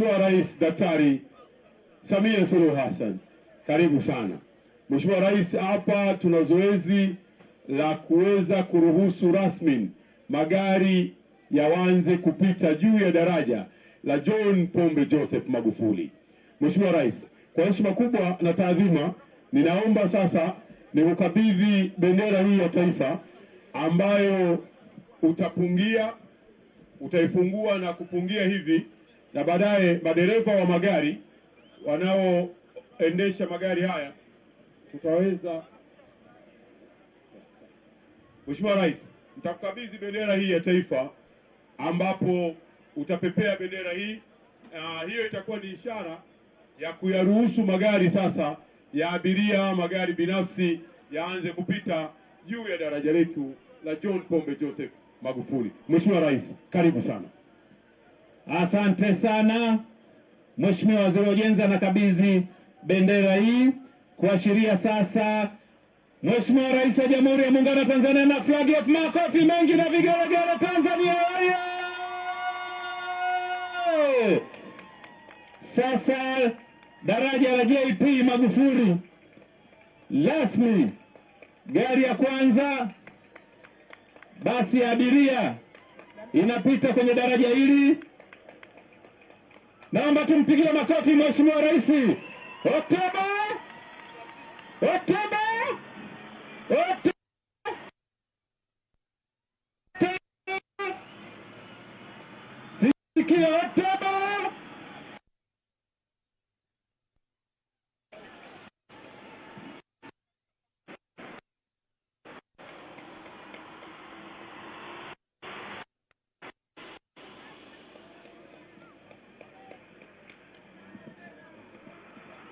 Mheshimiwa Rais Daktari Samia Suluhu Hassan, karibu sana Mheshimiwa Rais. Hapa tuna zoezi la kuweza kuruhusu rasmi magari yawanze kupita juu ya daraja la John Pombe Joseph Magufuli. Mheshimiwa Rais, kwa heshima kubwa na taadhima, ninaomba sasa nikukabidhi bendera hii ya taifa ambayo utapungia, utaifungua na kupungia hivi na baadaye madereva wa magari wanaoendesha magari haya tutaweza. Mheshimiwa Rais, nitakukabidhi bendera hii ya taifa ambapo utapepea bendera hii na uh, hiyo itakuwa ni ishara ya kuyaruhusu magari sasa ya abiria, magari binafsi yaanze kupita juu ya daraja letu la John Pombe Joseph Magufuli. Mheshimiwa Rais, karibu sana. Asante sana Mheshimiwa Waziri wa Ujenzi anakabidhi bendera hii kuashiria sasa Mheshimiwa Rais wa Jamhuri ya Muungano wa Tanzania na flag of makofi mengi na vigelegele. Tanzania haya! Sasa daraja la JP Magufuli rasmi, gari ya kwanza, basi ya abiria inapita kwenye daraja hili. Naomba tumpigie makofi Mheshimiwa Rais. Hotuba, hotuba, hotuba. Sikia hotuba.